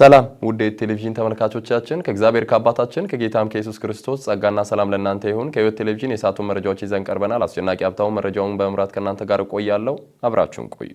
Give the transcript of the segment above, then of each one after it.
ሰላም ውድ ቴሌቪዥን ተመልካቾቻችን ከእግዚአብሔር ከአባታችን ከጌታም ከኢየሱስ ክርስቶስ ጸጋና ሰላም ለእናንተ ይሁን። ከህይወት ቴሌቪዥን የሰዓቱን መረጃዎች ይዘን ቀርበናል። አስጨናቂ ሀብታሙ መረጃውን በመምራት ከእናንተ ጋር እቆያለሁ። አብራችሁን ቆዩ።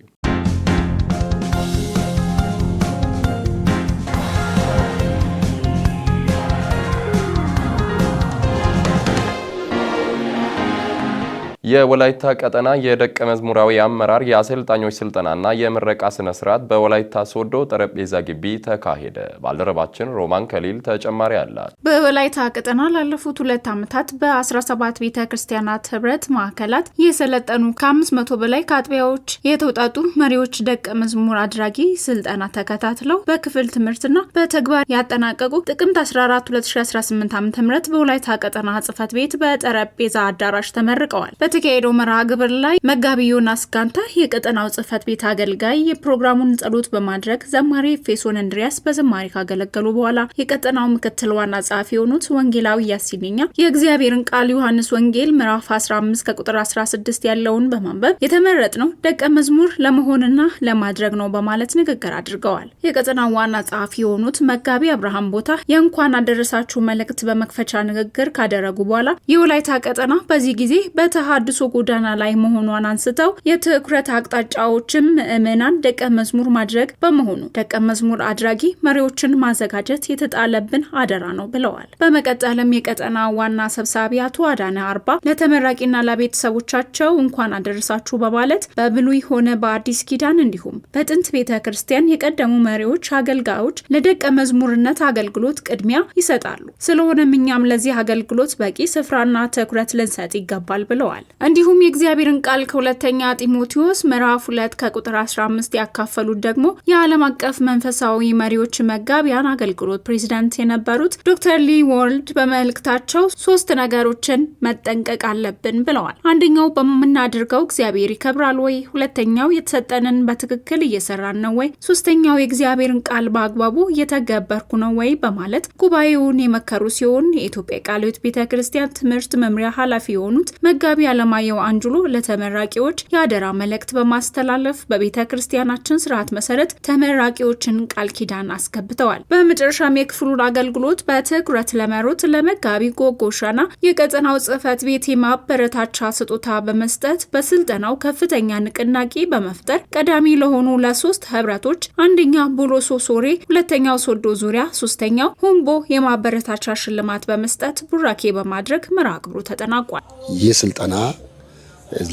የወላይታ ቀጠና የደቀ መዝሙራዊ አመራር የአሰልጣኞች ስልጠናና የምረቃ ስነ ስርዓት በወላይታ ሶዶ ጠረጴዛ ግቢ ተካሄደ። ባልደረባችን ሮማን ከሊል ተጨማሪ አላት። በወላይታ ቀጠና ላለፉት ሁለት ዓመታት በ17 ቤተ ክርስቲያናት ህብረት ማዕከላት የሰለጠኑ ከ500 በላይ ከአጥቢያዎች የተውጣጡ መሪዎች ደቀ መዝሙር አድራጊ ስልጠና ተከታትለው በክፍል ትምህርትና በተግባር ያጠናቀቁ ጥቅምት 14 2018 ዓ ም በወላይታ ቀጠና ጽህፈት ቤት በጠረጴዛ አዳራሽ ተመርቀዋል። በተካሄደው መርሃ ግብር ላይ መጋቢ ዮናስ ጋንታ የቀጠናው ጽህፈት ቤት አገልጋይ የፕሮግራሙን ጸሎት በማድረግ ዘማሪ ፌሶን እንድሪያስ በዘማሪ ካገለገሉ በኋላ የቀጠናው ምክትል ዋና ጸሐፊ የሆኑት ወንጌላዊ ያሲንኛ የእግዚአብሔርን ቃል ዮሐንስ ወንጌል ምዕራፍ 15 ከቁጥር 16 ያለውን በማንበብ የተመረጥነው ደቀ መዝሙር ለመሆንና ለማድረግ ነው በማለት ንግግር አድርገዋል። የቀጠናው ዋና ጸሐፊ የሆኑት መጋቢ አብርሃም ቦታ የእንኳን አደረሳችሁ መልእክት በመክፈቻ ንግግር ካደረጉ በኋላ የወላይታ ቀጠና በዚህ ጊዜ በተሃድ በአዲሱ ጎዳና ላይ መሆኗን አንስተው የትኩረት አቅጣጫዎችም ምዕመናን ደቀ መዝሙር ማድረግ በመሆኑ ደቀ መዝሙር አድራጊ መሪዎችን ማዘጋጀት የተጣለብን አደራ ነው ብለዋል። በመቀጠልም የቀጠና ዋና ሰብሳቢ አቶ አዳነ አርባ ለተመራቂና ለቤተሰቦቻቸው እንኳን አደረሳችሁ በማለት በብሉይ ሆነ በአዲስ ኪዳን እንዲሁም በጥንት ቤተ ክርስቲያን የቀደሙ መሪዎች፣ አገልጋዮች ለደቀ መዝሙርነት አገልግሎት ቅድሚያ ይሰጣሉ። ስለሆነም እኛም ለዚህ አገልግሎት በቂ ስፍራና ትኩረት ልንሰጥ ይገባል ብለዋል። እንዲሁም የእግዚአብሔርን ቃል ከሁለተኛ ጢሞቴዎስ ምዕራፍ ሁለት ከቁጥር 15 ያካፈሉት ደግሞ የዓለም አቀፍ መንፈሳዊ መሪዎች መጋቢያን አገልግሎት ፕሬዚዳንት የነበሩት ዶክተር ሊ ወርልድ በመልእክታቸው ሶስት ነገሮችን መጠንቀቅ አለብን ብለዋል። አንደኛው በምናደርገው እግዚአብሔር ይከብራል ወይ? ሁለተኛው የተሰጠንን በትክክል እየሰራን ነው ወይ? ሶስተኛው የእግዚአብሔርን ቃል በአግባቡ እየተገበርኩ ነው ወይ? በማለት ጉባኤውን የመከሩ ሲሆን የኢትዮጵያ ቃለ ሕይወት ቤተ ክርስቲያን ትምህርት መምሪያ ኃላፊ የሆኑት መጋቢ ዓለም አለማየሁ አንጁሉ ለተመራቂዎች የአደራ መልእክት በማስተላለፍ በቤተ ክርስቲያናችን ስርዓት መሰረት ተመራቂዎችን ቃል ኪዳን አስገብተዋል። በመጨረሻም የክፍሉን አገልግሎት በትኩረት ለመሩት ለመጋቢ ጎጎሻና የቀጠናው ጽህፈት ቤት የማበረታቻ ስጦታ በመስጠት በስልጠናው ከፍተኛ ንቅናቄ በመፍጠር ቀዳሚ ለሆኑ ለሶስት ህብረቶች አንደኛ ቦሎሶ ሶሬ፣ ሁለተኛው ሶዶ ዙሪያ፣ ሶስተኛው ሁምቦ የማበረታቻ ሽልማት በመስጠት ቡራኬ በማድረግ መርሃ ግብሩ ተጠናቋል። ይህ ስልጠና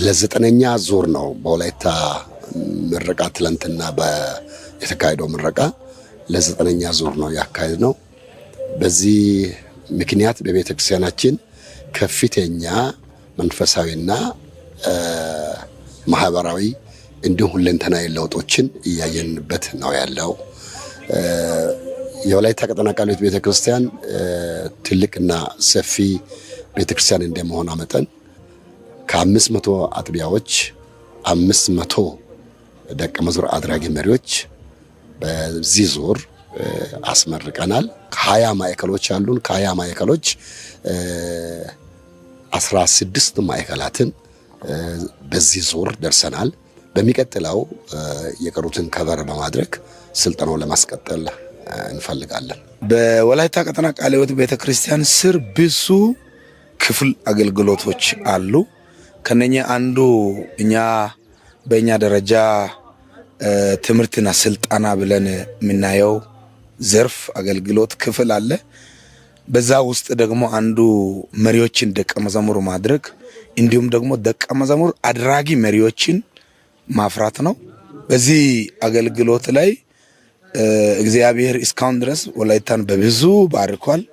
ለዘጠነኛ ዙር ነው። በወላይታ ምረቃ ትላንትና የተካሄደው ምረቃ ለዘጠነኛ ዙር ነው ያካሄድ ነው። በዚህ ምክንያት በቤተክርስቲያናችን ከፍተኛ መንፈሳዊና ማህበራዊ እንዲሁም ሁለንተናዊ ለውጦችን እያየንበት ነው ያለው። የወላይታ ቀጠና ቃልዮት ቤተ ትልቅና ሰፊ ቤተክርስቲያን እንደመሆኗ መጠን ከአምስት መቶ አጥቢያዎች አምስት መቶ ደቀ መዝሙር አድራጊ መሪዎች በዚህ ዙር አስመርቀናል። ከሀያ ማዕከሎች አሉን። ከሀያ ማዕከሎች አስራ ስድስት ማዕከላትን በዚህ ዙር ደርሰናል። በሚቀጥለው የቀሩትን ከበር በማድረግ ስልጠናውን ለማስቀጠል እንፈልጋለን። በወላይታ ቀጠና ቃለ ሕይወት ቤተክርስቲያን ስር ብዙ ክፍል አገልግሎቶች አሉ። ከነኛ አንዱ እኛ በእኛ ደረጃ ትምህርትና ስልጠና ብለን የምናየው ዘርፍ አገልግሎት ክፍል አለ። በዛ ውስጥ ደግሞ አንዱ መሪዎችን ደቀ መዘሙር ማድረግ እንዲሁም ደግሞ ደቀ መዘሙር አድራጊ መሪዎችን ማፍራት ነው። በዚህ አገልግሎት ላይ እግዚአብሔር እስካሁን ድረስ ወላይታን በብዙ ባርኳል።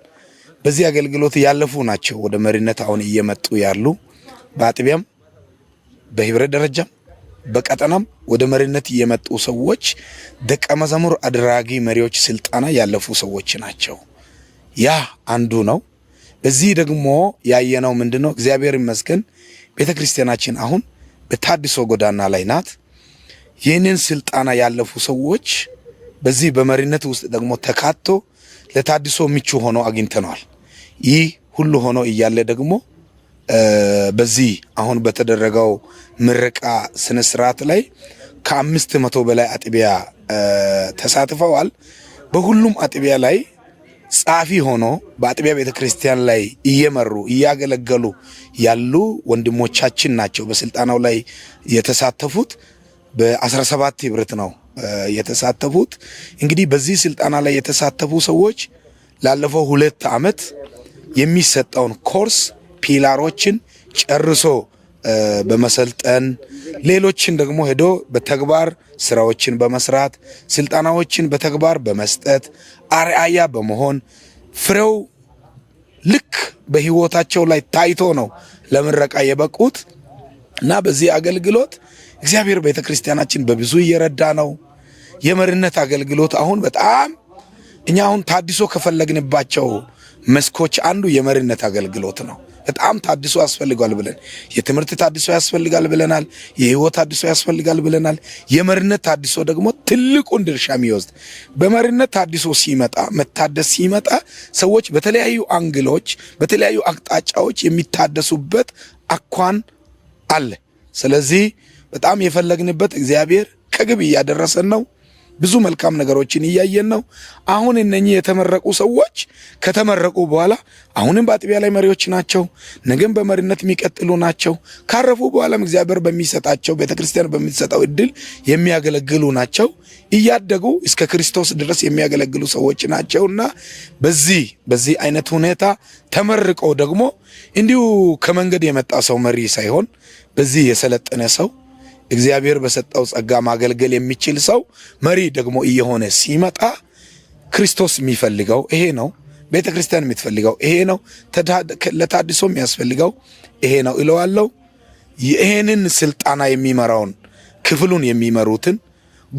በዚህ አገልግሎት ያለፉ ናቸው ወደ መሪነት አሁን እየመጡ ያሉ በአጥቢያም በህብረት ደረጃም በቀጠናም ወደ መሪነት እየመጡ ሰዎች ደቀ መዝሙር አድራጊ መሪዎች ስልጠና ያለፉ ሰዎች ናቸው። ያ አንዱ ነው። በዚህ ደግሞ ያየነው ምንድን ነው? እግዚአብሔር ይመስገን ቤተ ክርስቲያናችን አሁን በታድሶ ጎዳና ላይ ናት። ይህንን ስልጠና ያለፉ ሰዎች በዚህ በመሪነት ውስጥ ደግሞ ተካቶ ለታድሶ ምቹ ሆኖ አግኝተነዋል። ይህ ሁሉ ሆኖ እያለ ደግሞ በዚህ አሁን በተደረገው ምረቃ ስነስርዓት ላይ ከአምስት መቶ በላይ አጥቢያ ተሳትፈዋል። በሁሉም አጥቢያ ላይ ጻፊ ሆኖ በአጥቢያ ቤተ ክርስቲያን ላይ እየመሩ እያገለገሉ ያሉ ወንድሞቻችን ናቸው። በስልጣናው ላይ የተሳተፉት በ17 ህብረት ነው የተሳተፉት። እንግዲህ በዚህ ስልጠና ላይ የተሳተፉ ሰዎች ላለፈው ሁለት ዓመት የሚሰጠውን ኮርስ ፒላሮችን ጨርሶ በመሰልጠን ሌሎችን ደግሞ ሄዶ በተግባር ስራዎችን በመስራት ስልጠናዎችን በተግባር በመስጠት አርአያ በመሆን ፍሬው ልክ በህይወታቸው ላይ ታይቶ ነው ለምረቃ የበቁት እና በዚህ አገልግሎት እግዚአብሔር ቤተ ክርስቲያናችን በብዙ እየረዳ ነው። የመሪነት አገልግሎት አሁን በጣም እኛ አሁን ታድሶ ከፈለግንባቸው መስኮች አንዱ የመሪነት አገልግሎት ነው። በጣም ታድሶ ያስፈልጋል ብለን የትምህርት ታድሶ ያስፈልጋል ብለናል። የህይወት ታድሶ ያስፈልጋል ብለናል። የመሪነት ታድሶ ደግሞ ትልቁን ድርሻ የሚወስድ በመሪነት ታድሶ ሲመጣ መታደስ ሲመጣ ሰዎች በተለያዩ አንግሎች፣ በተለያዩ አቅጣጫዎች የሚታደሱበት አኳን አለ። ስለዚህ በጣም የፈለግንበት እግዚአብሔር ከግብ እያደረሰን ነው። ብዙ መልካም ነገሮችን እያየን ነው። አሁን እነኚህ የተመረቁ ሰዎች ከተመረቁ በኋላ አሁንም በአጥቢያ ላይ መሪዎች ናቸው፣ ነገም በመሪነት የሚቀጥሉ ናቸው። ካረፉ በኋላም እግዚአብሔር በሚሰጣቸው ቤተክርስቲያን በሚሰጠው እድል የሚያገለግሉ ናቸው። እያደጉ እስከ ክርስቶስ ድረስ የሚያገለግሉ ሰዎች እና በዚህ በዚህ አይነት ሁኔታ ተመርቀው ደግሞ እንዲሁ ከመንገድ የመጣ ሰው መሪ ሳይሆን በዚህ የሰለጠነ ሰው እግዚአብሔር በሰጠው ጸጋ ማገልገል የሚችል ሰው መሪ ደግሞ እየሆነ ሲመጣ ክርስቶስ የሚፈልገው ይሄ ነው። ቤተ ክርስቲያን የምትፈልገው ይሄ ነው። ለታድሶ የሚያስፈልገው ይሄ ነው እለዋለሁ። ይሄንን ስልጠና የሚመራውን ክፍሉን የሚመሩትን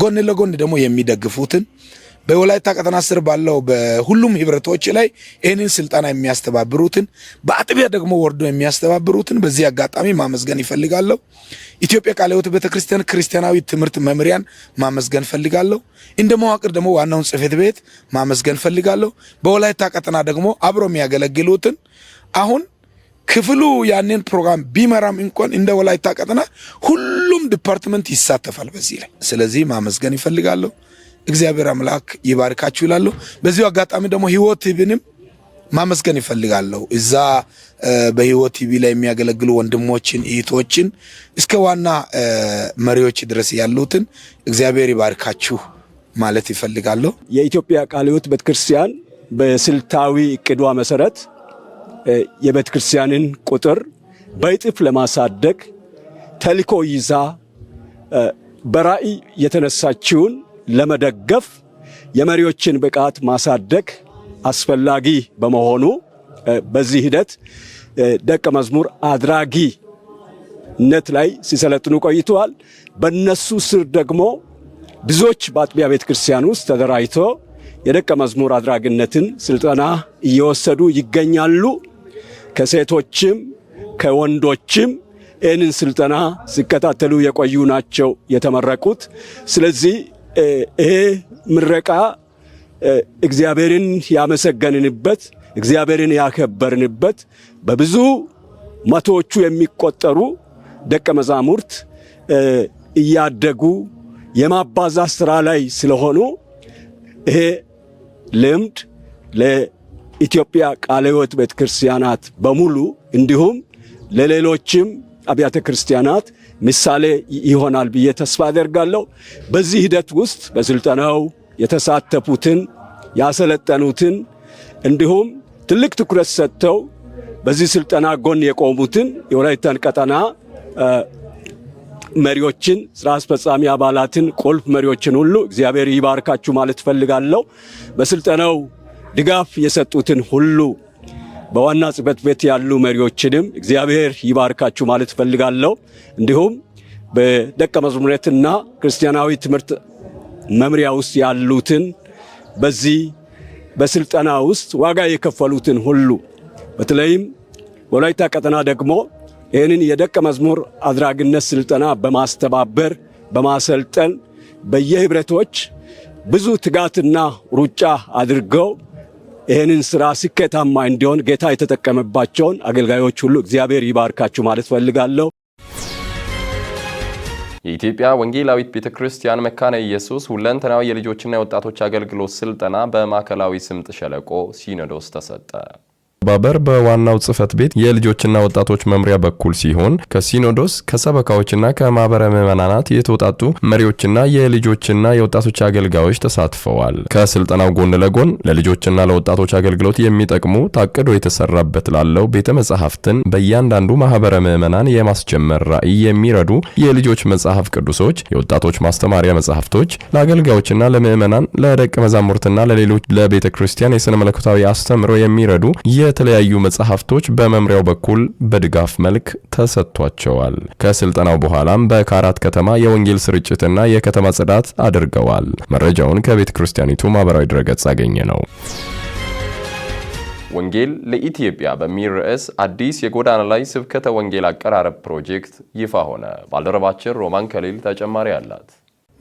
ጎን ለጎን ደግሞ የሚደግፉትን በወላይታ ቀጠና ስር ባለው በሁሉም ህብረቶች ላይ ይህንን ስልጠና የሚያስተባብሩትን በአጥቢያ ደግሞ ወርዶ የሚያስተባብሩትን በዚህ አጋጣሚ ማመስገን ይፈልጋለሁ። ኢትዮጵያ ቃለ ሕይወት ቤተክርስቲያን ክርስቲያናዊ ትምህርት መምሪያን ማመስገን ፈልጋለሁ። እንደ መዋቅር ደግሞ ዋናውን ጽሕፈት ቤት ማመስገን ፈልጋለሁ። በወላይታ ቀጠና ደግሞ አብሮ የሚያገለግሉትን አሁን ክፍሉ ያንን ፕሮግራም ቢመራም እንኳን እንደ ወላይታ ቀጠና ሁሉም ዲፓርትመንት ይሳተፋል በዚህ ላይ። ስለዚህ ማመስገን ይፈልጋለሁ። እግዚአብሔር አምላክ ይባርካችሁ ይላለሁ። በዚሁ አጋጣሚ ደግሞ ሕይወት ብንም ማመስገን ይፈልጋለሁ። እዛ በህይወት ቲቪ ላይ የሚያገለግሉ ወንድሞችን እህቶችን፣ እስከ ዋና መሪዎች ድረስ ያሉትን እግዚአብሔር ይባርካችሁ ማለት ይፈልጋለሁ። የኢትዮጵያ ቃለ ሕይወት ቤተክርስቲያን በስልታዊ እቅዷ መሰረት የቤተክርስቲያንን ቁጥር በእጥፍ ለማሳደግ ተልኮ ይዛ በራእይ የተነሳችውን ለመደገፍ የመሪዎችን ብቃት ማሳደግ አስፈላጊ በመሆኑ በዚህ ሂደት ደቀ መዝሙር አድራጊነት ላይ ሲሰለጥኑ ቆይተዋል። በነሱ ስር ደግሞ ብዙዎች በአጥቢያ ቤተ ክርስቲያን ውስጥ ተደራጅቶ የደቀ መዝሙር አድራጊነትን ስልጠና እየወሰዱ ይገኛሉ። ከሴቶችም ከወንዶችም ይህንን ስልጠና ሲከታተሉ የቆዩ ናቸው የተመረቁት። ስለዚህ ይሄ ምረቃ እግዚአብሔርን ያመሰገንንበት እግዚአብሔርን ያከበርንበት በብዙ መቶዎቹ የሚቆጠሩ ደቀ መዛሙርት እያደጉ የማባዛት ስራ ላይ ስለሆኑ ይሄ ልምድ ለኢትዮጵያ ቃለ ሕይወት ቤተ ክርስቲያናት በሙሉ እንዲሁም ለሌሎችም አብያተ ክርስቲያናት ምሳሌ ይሆናል ብዬ ተስፋ አደርጋለሁ። በዚህ ሂደት ውስጥ በስልጠናው የተሳተፉትን ያሰለጠኑትን እንዲሁም ትልቅ ትኩረት ሰጥተው በዚህ ስልጠና ጎን የቆሙትን የወላይታን ቀጠና መሪዎችን፣ ስራ አስፈጻሚ አባላትን፣ ቁልፍ መሪዎችን ሁሉ እግዚአብሔር ይባርካችሁ ማለት እፈልጋለሁ። በስልጠናው ድጋፍ የሰጡትን ሁሉ በዋና ጽህፈት ቤት ያሉ መሪዎችንም እግዚአብሔር ይባርካችሁ ማለት እፈልጋለሁ። እንዲሁም በደቀ መዝሙርነትና ክርስቲያናዊ ትምህርት መምሪያ ውስጥ ያሉትን በዚህ በስልጠና ውስጥ ዋጋ የከፈሉትን ሁሉ በተለይም ወላይታ ቀጠና ደግሞ ይህንን የደቀ መዝሙር አድራጊነት ስልጠና በማስተባበር በማሰልጠን በየህብረቶች ብዙ ትጋትና ሩጫ አድርገው ይህንን ስራ ስኬታማ እንዲሆን ጌታ የተጠቀመባቸውን አገልጋዮች ሁሉ እግዚአብሔር ይባርካችሁ ማለት ፈልጋለሁ። የኢትዮጵያ ወንጌላዊት ቤተ ክርስቲያን መካነ ኢየሱስ ሁለንተናዊ የልጆችና የወጣቶች አገልግሎት ስልጠና በማዕከላዊ ስምጥ ሸለቆ ሲኖዶስ ተሰጠ። ባበር በዋናው ጽህፈት ቤት የልጆችና ወጣቶች መምሪያ በኩል ሲሆን ከሲኖዶስ ከሰበካዎችና ከማህበረ ምዕመናናት የተውጣጡ መሪዎችና የልጆችና የወጣቶች አገልጋዮች ተሳትፈዋል። ከስልጠናው ጎን ለጎን ለልጆችና ለወጣቶች አገልግሎት የሚጠቅሙ ታቅዶ የተሰራበት ላለው ቤተ መጻሕፍትን በእያንዳንዱ ማህበረ ምዕመናን የማስጀመር ራዕይ የሚረዱ የልጆች መጽሐፍ ቅዱሶች፣ የወጣቶች ማስተማሪያ መጽሐፍቶች ለአገልጋዮችና ለምዕመናን ለደቀ መዛሙርትና ለሌሎች ለቤተ ክርስቲያን የሥነ መለኮታዊ አስተምሮ የሚረዱ የ የተለያዩ መጽሐፍቶች በመምሪያው በኩል በድጋፍ መልክ ተሰጥቷቸዋል። ከስልጠናው በኋላም በካራት ከተማ የወንጌል ስርጭትና የከተማ ጽዳት አድርገዋል። መረጃውን ከቤተ ክርስቲያኒቱ ማህበራዊ ድረገጽ አገኘ ነው። ወንጌል ለኢትዮጵያ በሚል ርዕስ አዲስ የጎዳና ላይ ስብከተ ወንጌል አቀራረብ ፕሮጀክት ይፋ ሆነ። ባልደረባችን ሮማን ከሌል ተጨማሪ አላት።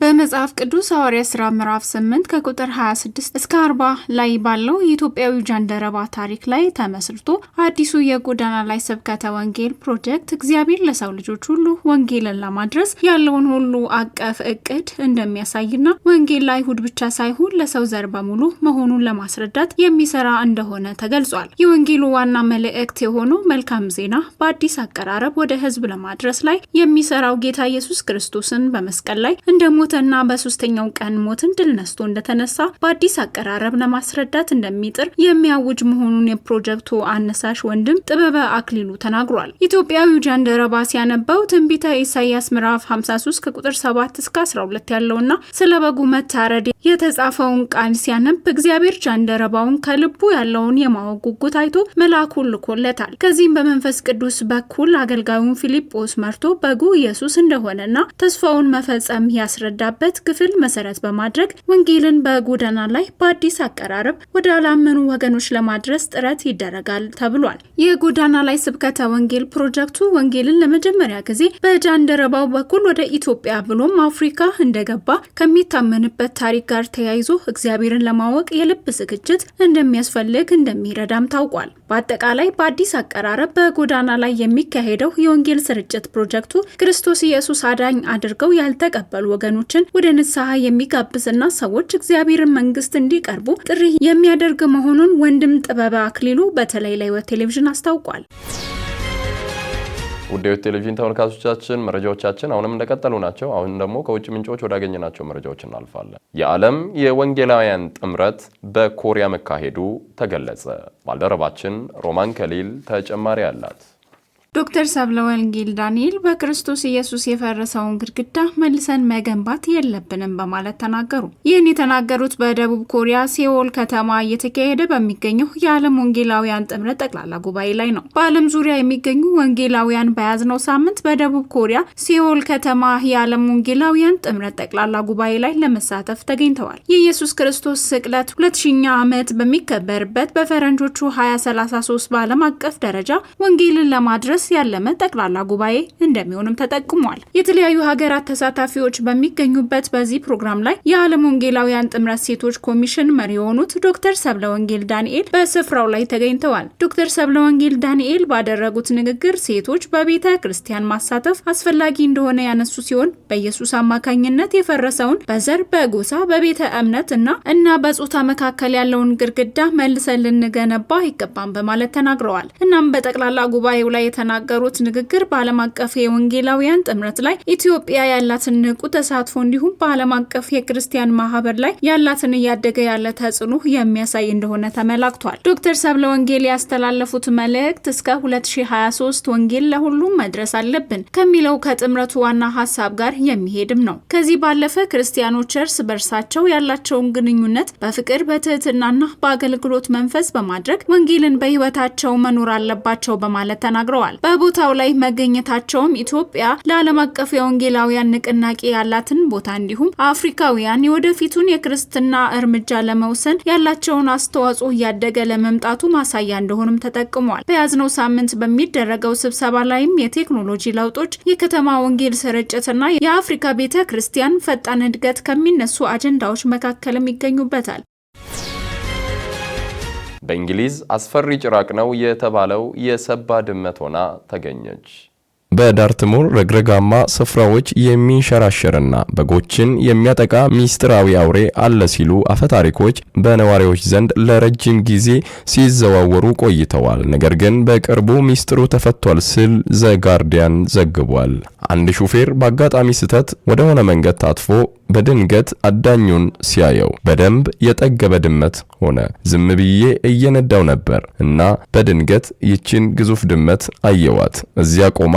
በመጽሐፍ ቅዱስ ሐዋርያ ሥራ ምዕራፍ 8 ከቁጥር 26 እስከ 40 ላይ ባለው የኢትዮጵያዊ ጃንደረባ ታሪክ ላይ ተመስርቶ አዲሱ የጎዳና ላይ ስብከተ ወንጌል ፕሮጀክት እግዚአብሔር ለሰው ልጆች ሁሉ ወንጌልን ለማድረስ ያለውን ሁሉ አቀፍ እቅድ እንደሚያሳይና ወንጌል ለአይሁድ ብቻ ሳይሆን ለሰው ዘር በሙሉ መሆኑን ለማስረዳት የሚሰራ እንደሆነ ተገልጿል። የወንጌሉ ዋና መልእክት የሆነው መልካም ዜና በአዲስ አቀራረብ ወደ ሕዝብ ለማድረስ ላይ የሚሰራው ጌታ ኢየሱስ ክርስቶስን በመስቀል ላይ እንደሞ። በሞተና በሶስተኛው ቀን ሞትን ድል ነስቶ እንደተነሳ በአዲስ አቀራረብ ለማስረዳት እንደሚጥር የሚያውጅ መሆኑን የፕሮጀክቱ አነሳሽ ወንድም ጥበበ አክሊሉ ተናግሯል። ኢትዮጵያዊ ጃንደረባ ሲያነባው ትንቢተ ኢሳያስ ምዕራፍ 53 ከቁጥር 7 እስከ 12 ያለውና ስለ በጉ መታረድ የተጻፈውን ቃል ሲያነብ እግዚአብሔር ጃንደረባውን ከልቡ ያለውን የማወቅ ጉጉት አይቶ መልአኩን ልኮለታል። ከዚህም በመንፈስ ቅዱስ በኩል አገልጋዩን ፊልጶስ መርቶ በጉ ኢየሱስ እንደሆነና ተስፋውን መፈጸም ያስረዳል በተረዳበት ክፍል መሰረት በማድረግ ወንጌልን በጎዳና ላይ በአዲስ አቀራረብ ወደ አላመኑ ወገኖች ለማድረስ ጥረት ይደረጋል ተብሏል። የጎዳና ላይ ስብከተ ወንጌል ፕሮጀክቱ ወንጌልን ለመጀመሪያ ጊዜ በጃንደረባው በኩል ወደ ኢትዮጵያ ብሎም አፍሪካ እንደገባ ከሚታመንበት ታሪክ ጋር ተያይዞ እግዚአብሔርን ለማወቅ የልብ ዝግጅት እንደሚያስፈልግ እንደሚረዳም ታውቋል። በአጠቃላይ በአዲስ አቀራረብ በጎዳና ላይ የሚካሄደው የወንጌል ስርጭት ፕሮጀክቱ ክርስቶስ ኢየሱስ አዳኝ አድርገው ያልተቀበሉ ወገኖች ሰዎችን ወደ ንስሐ የሚጋብዝና ሰዎች እግዚአብሔርን መንግስት እንዲቀርቡ ጥሪ የሚያደርግ መሆኑን ወንድም ጥበበ አክሊሉ በተለይ ለሕይወት ቴሌቪዥን አስታውቋል። ውድ ቴሌቪዥን ተመልካቾቻችን መረጃዎቻችን አሁንም እንደቀጠሉ ናቸው። አሁን ደግሞ ከውጭ ምንጮች ወዳገኘናቸው መረጃዎች እናልፋለን። የዓለም የወንጌላውያን ጥምረት በኮሪያ መካሄዱ ተገለጸ። ባልደረባችን ሮማን ከሊል ተጨማሪ አላት። ዶክተር ሰብለ ወንጌል ዳንኤል በክርስቶስ ኢየሱስ የፈረሰውን ግድግዳ መልሰን መገንባት የለብንም በማለት ተናገሩ። ይህን የተናገሩት በደቡብ ኮሪያ ሴዎል ከተማ እየተካሄደ በሚገኘው የዓለም ወንጌላውያን ጥምረት ጠቅላላ ጉባኤ ላይ ነው። በዓለም ዙሪያ የሚገኙ ወንጌላውያን በያዝነው ሳምንት በደቡብ ኮሪያ ሴዎል ከተማ የዓለም ወንጌላውያን ጥምረት ጠቅላላ ጉባኤ ላይ ለመሳተፍ ተገኝተዋል። የኢየሱስ ክርስቶስ ስቅለት ሁለት ሺኛ ዓመት በሚከበርበት በፈረንጆቹ 2033 በዓለም አቀፍ ደረጃ ወንጌልን ለማድረስ ድረስ ያለመ ጠቅላላ ጉባኤ እንደሚሆንም ተጠቁሟል። የተለያዩ ሀገራት ተሳታፊዎች በሚገኙበት በዚህ ፕሮግራም ላይ የዓለም ወንጌላውያን ጥምረት ሴቶች ኮሚሽን መሪ የሆኑት ዶክተር ሰብለ ወንጌል ዳንኤል በስፍራው ላይ ተገኝተዋል። ዶክተር ሰብለ ወንጌል ዳንኤል ባደረጉት ንግግር ሴቶች በቤተ ክርስቲያን ማሳተፍ አስፈላጊ እንደሆነ ያነሱ ሲሆን በኢየሱስ አማካኝነት የፈረሰውን በዘር በጎሳ በቤተ እምነት እና እና በጾታ መካከል ያለውን ግድግዳ መልሰን ልንገነባ ይገባም በማለት ተናግረዋል። እናም በጠቅላላ ጉባኤው ላይ የተና የተናገሩት ንግግር በዓለም አቀፍ የወንጌላውያን ጥምረት ላይ ኢትዮጵያ ያላትን ንቁ ተሳትፎ እንዲሁም በዓለም አቀፍ የክርስቲያን ማህበር ላይ ያላትን እያደገ ያለ ተጽዕኖ የሚያሳይ እንደሆነ ተመላክቷል። ዶክተር ሰብለ ወንጌል ያስተላለፉት መልእክት እስከ 2023 ወንጌል ለሁሉም መድረስ አለብን ከሚለው ከጥምረቱ ዋና ሀሳብ ጋር የሚሄድም ነው። ከዚህ ባለፈ ክርስቲያኖች እርስ በርሳቸው ያላቸውን ግንኙነት በፍቅር በትህትናና በአገልግሎት መንፈስ በማድረግ ወንጌልን በህይወታቸው መኖር አለባቸው በማለት ተናግረዋል። በቦታው ላይ መገኘታቸውም ኢትዮጵያ ለዓለም አቀፍ የወንጌላውያን ንቅናቄ ያላትን ቦታ እንዲሁም አፍሪካውያን የወደፊቱን የክርስትና እርምጃ ለመውሰን ያላቸውን አስተዋጽኦ እያደገ ለመምጣቱ ማሳያ እንደሆንም ተጠቅሟል። በያዝነው ሳምንት በሚደረገው ስብሰባ ላይም የቴክኖሎጂ ለውጦች፣ የከተማ ወንጌል ስርጭትና የአፍሪካ ቤተ ክርስቲያን ፈጣን እድገት ከሚነሱ አጀንዳዎች መካከልም ይገኙበታል። በእንግሊዝ አስፈሪ ጭራቅ ነው የተባለው የሰባ ድመት ሆና ተገኘች። በዳርትሙር ረግረጋማ ስፍራዎች የሚንሸራሸርና በጎችን የሚያጠቃ ሚስጥራዊ አውሬ አለ ሲሉ አፈታሪኮች በነዋሪዎች ዘንድ ለረጅም ጊዜ ሲዘዋወሩ ቆይተዋል። ነገር ግን በቅርቡ ሚስጥሩ ተፈቷል ሲል ዘጋርዲያን ዘግቧል። አንድ ሹፌር በአጋጣሚ ስህተት ወደሆነ መንገድ ታጥፎ በድንገት አዳኙን ሲያየው በደንብ የጠገበ ድመት ሆነ። ዝም ብዬ እየነዳው ነበር እና በድንገት ይችን ግዙፍ ድመት አየዋት። እዚያ ቆማ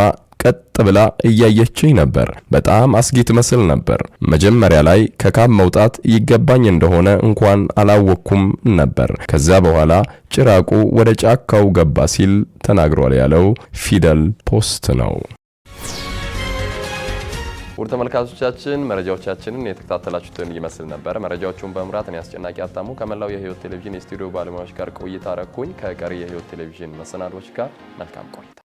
ቀጥ ብላ እያየችኝ ነበር። በጣም አስጊ ትመስል ነበር። መጀመሪያ ላይ ከካብ መውጣት ይገባኝ እንደሆነ እንኳን አላወቅኩም ነበር። ከዚያ በኋላ ጭራቁ ወደ ጫካው ገባ ሲል ተናግሯል ያለው ፊደል ፖስት ነው። ውድ ተመልካቾቻችን መረጃዎቻችንን የተከታተላችሁትን ይመስል ነበር። መረጃዎቹን በመምራት እኔ አስጨናቂ አጣሙ ከመላው የህይወት ቴሌቪዥን የስቱዲዮ ባለሙያዎች ጋር ቆይታ አረኩኝ። ከቀሪ የህይወት ቴሌቪዥን መሰናዶች ጋር መልካም ቆይታ